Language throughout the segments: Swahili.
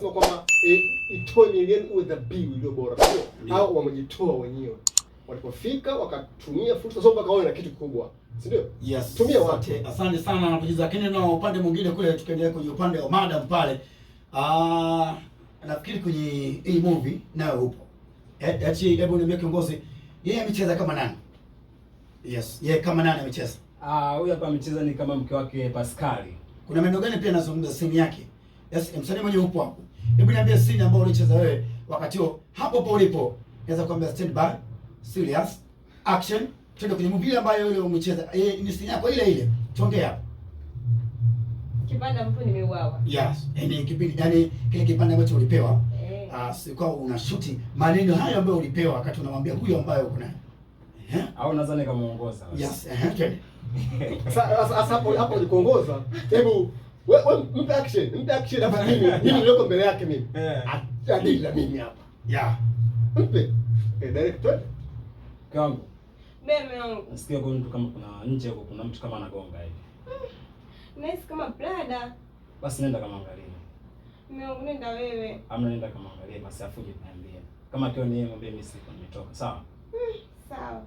kwamba eh, itoe milioni uwe dhabihu iliyo bora yeah. Au wamejitoa wenyewe walipofika wakatumia fursa sababu wakaona na kitu kikubwa, Yes, tumia watu. Asante sana na lakini na upande mwingine kule, tukiendelea kwenye upande wa madam pale, ah, nafikiri kwenye hii movie nayo upo eti, eh, hebu niambie kiongozi, yeye amecheza kama nani? Yes, yeye kama nani amecheza? Ah, huyu hapa amecheza ni kama mke wake Pascali. Kuna maneno gani pia anazungumza simu yake Yes, eh, msanii mwenye upo hapo. Hebu niambie scene ambayo ulicheza wewe wakati huo hapo hapo ulipo. Naweza kuambia stand by, serious, action, twende kwenye movie ambayo wewe umecheza. Eh, ni scene yako ile ile. Tuongea. Kipanda mtu nimeuawa. Yes, Eh, ni kipindi gani kile kipanda ambacho ulipewa. Eh. Ah, si kwa una shoot maneno hayo ambayo ulipewa wakati unamwambia huyo ambaye uko naye. Eh? Au nadhani kama muongoza. Yes, eh. Sasa hapo hapo ni kuongoza. Hebu wewe mpe action, mpe action hapa mimi. Mimi niliyoko mbele yake mimi. Atadili na mimi hapa. Yeah. Mpe. Eh, director. Kango. Meme wangu. Nasikia kwa mtu kama kuna nje huko kuna mtu kama anagonga hivi. Hmm. Nice kama brother. Basi nenda kama angalia. Mimi wangu nenda wewe. Amna nenda kama angalia basi afuje niambie. Kama kio ni yeye mwambie mimi siko nimetoka. Sawa? Hmm, sawa.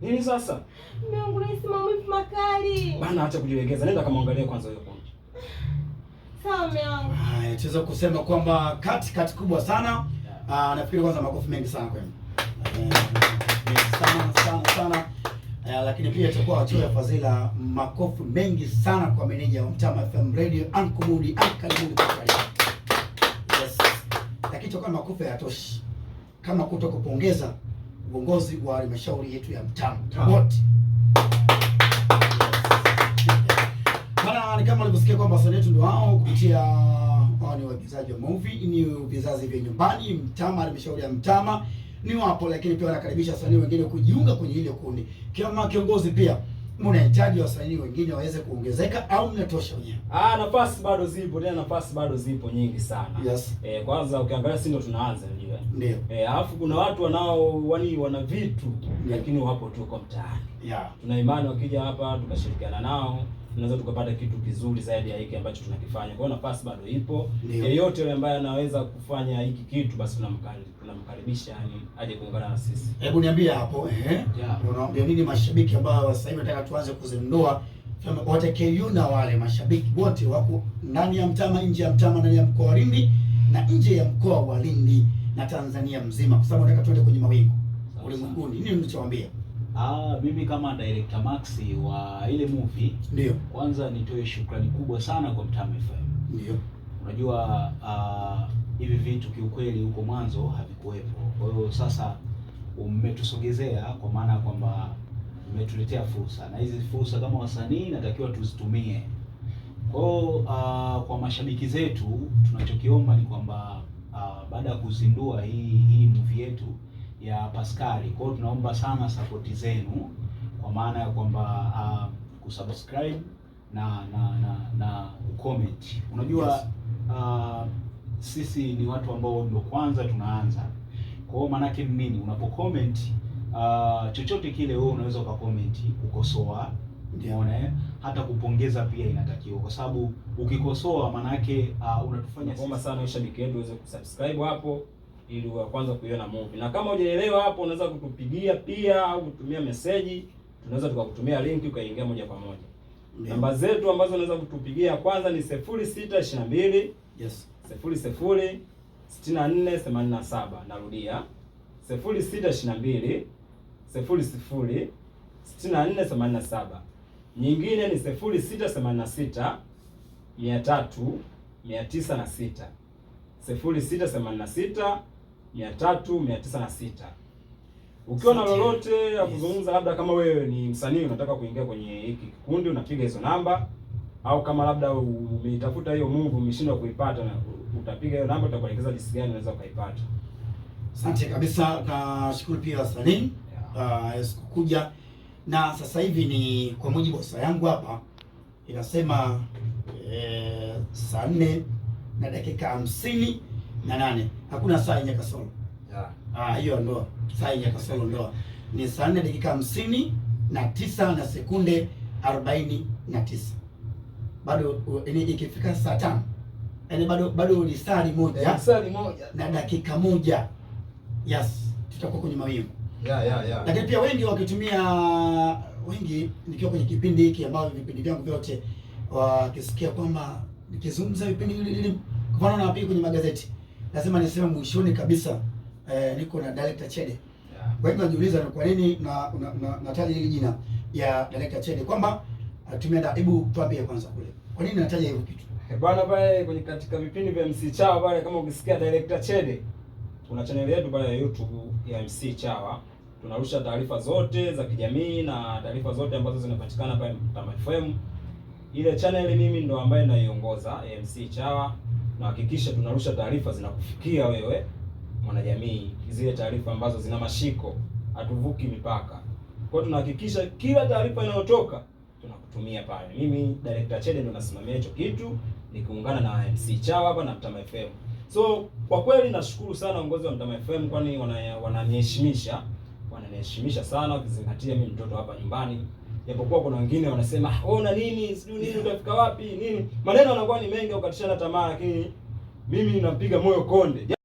Nini sasa? Mume wangu nahisi maumivu makali. Bana acha kujiwekeza. Nenda kamwangalie kwanza huyo konje. Sawa mume wangu. Haya, tuweza kusema kwamba kati kati kubwa sana. Ah, nafikiri kwanza makofi mengi sana kwenu. Eh, mengi sana sana sana. Uh, lakini pia itakuwa hatua ya fadhila makofi mengi sana kwa meneja wa Mtama FM Radio Ankumudi kwa kweli. Yes. Lakini itakuwa makofi hayatoshi. Kama kutokupongeza uongozi wa halmashauri yetu ya mtaa wote bana, ni kama alivyosikia kwamba wasanii wetu ndio hao kupitia ni waigizaji wa movie, ni vizazi vya nyumbani Mtama, halmashauri ya Mtama ni wapo, lakini pia wanakaribisha wasanii wengine kujiunga kwenye ile kundi. Kama kiongozi pia mnahitaji wasanii wengine waweze kuongezeka au mnatosha wenyewe? Ah, nafasi bado zipo, tena nafasi bado zipo nyingi sana. Yes. Eh, kwanza ukiangalia sisi ndo tunaanza ndio. Ndio. Eh, alafu kuna watu wanao wani wana vitu lakini wapo tu kwa mtaani. Yeah. Tuna imani wakija hapa tukashirikiana nao tunaweza tukapata kitu kizuri zaidi ya hiki ambacho tunakifanya. Kwa hiyo nafasi bado ipo, yeyote yule ambaye anaweza kufanya hiki kitu basi tunamkaribisha, yani aje kuungana na sisi. Hebu niambie hapo, eh, unaambia nini mashabiki ambao sasa hivi nataka tuanze kuzindua wote KU na wale mashabiki wote wako ndani ya mtama, nje ya mtama, ndani ya mkoa wa Lindi na nje ya mkoa wa Lindi na Tanzania mzima, kwa sababu nataka tuende kwenye mawingu ulimwenguni. Nini unachowaambia? Ah, mimi kama director Max wa ile movie ndio, kwanza nitoe shukrani kubwa sana kwa Mtamu FM. Ndio, unajua ah, hivi vitu kiukweli huko mwanzo havikuwepo, kwa hiyo sasa umetusogezea kwa maana ya kwamba umetuletea fursa, na hizi fursa kama wasanii natakiwa tuzitumie. Kwa hiyo ah, kwa mashabiki zetu tunachokiomba ni kwamba ah, baada ya kuzindua hii hii movie yetu ya Paskali. Kwa hiyo tunaomba sana sapoti zenu kwa maana ya kwamba uh, kusubscribe na na na, na comment. Unajua yes. Uh, sisi ni watu ambao ndio kwanza tunaanza, kwa hiyo maanake mimi unapo comment uh, chochote kile wewe unaweza comment kukosoa Umeona, eh? hata kupongeza pia inatakiwa, kwa sababu ukikosoa maanake uh, unatufanya sana mashabiki wetu waweze kusubscribe hapo ili uwe kwanza kuiona movie. Na kama hujaelewa hapo, unaweza kutupigia pia au kutumia message, tunaweza tukakutumia link ukaingia moja kwa moja. Yeah. Namba zetu ambazo unaweza kutupigia kwanza ni 0622 yes 00 6487. Narudia 0622 00 6487. Nyingine ni 0686 300 906 0686 396. Ukiwa na lolote ya kuzungumza, labda kama wewe ni msanii unataka kuingia kwenye hiki kikundi, unapiga hizo namba, au kama labda umeitafuta hiyo Mungu umeshindwa kuipata, na utapiga hiyo namba, tutakuelekeza jinsi gani unaweza ukaipata. Asante kabisa, nashukuru pia wasanii yeah. Uh, na sasa hivi ni kwa mujibu wa saa yangu hapa inasema eh, saa nne na dakika hamsini na nane. Hakuna saa yenye kasoro ah, hiyo yeah. Ndoa saa yenye kasoro ndo ni saa nne dakika hamsini na tisa na sekunde arobaini na tisa bado ikifika saa tano yaani bado bado ni saa moja yeah, saa moja na dakika moja. Yes, tutakuwa kwenye mawingu yeah, yeah, yeah. Lakini pia wengi wakitumia wengi, nikiwa kwenye kipindi hiki ambavyo vipindi vyangu vyote wakisikia kwamba nikizungumza vipindi hili hili, kwa mfano na kwenye magazeti lazima niseme mwishoni kabisa eh, niko na director Chede. Yeah. Kwa hiyo najiuliza ni kwa nini na nataja hili jina ya director Chede kwamba da, hebu tuambie kwanza kule, kwa nini nataja hiyo kitu eh, bwana pale kwenye katika vipindi vya MC Chawa pale, kama ukisikia director Chede, kuna channel yetu pale ya YouTube ya MC Chawa tunarusha taarifa zote za kijamii na taarifa zote ambazo zinapatikana pale Mtama FM. Ile channel mimi ndo ambaye naiongoza MC Chawa na hakikisha tunarusha taarifa zinakufikia wewe mwanajamii, zile taarifa ambazo zina mashiko, hatuvuki mipaka. Kwa tunahakikisha kila taarifa inayotoka tunakutumia pale. Mimi Director Chede ndo nasimamia hicho kitu nikiungana na MC Chawa hapa na Mtama FM. So kwa kweli nashukuru sana uongozi wa Mtama FM kwani wananiheshimisha, wananiheshimisha sana ukizingatia mimi mtoto hapa nyumbani japokuwa kuna wengine wanasema ah, wewe nini, sijui nini, utafika wapi nini, maneno yanakuwa ni mengi, ukatishana tamaa, lakini mimi nampiga moyo Konde.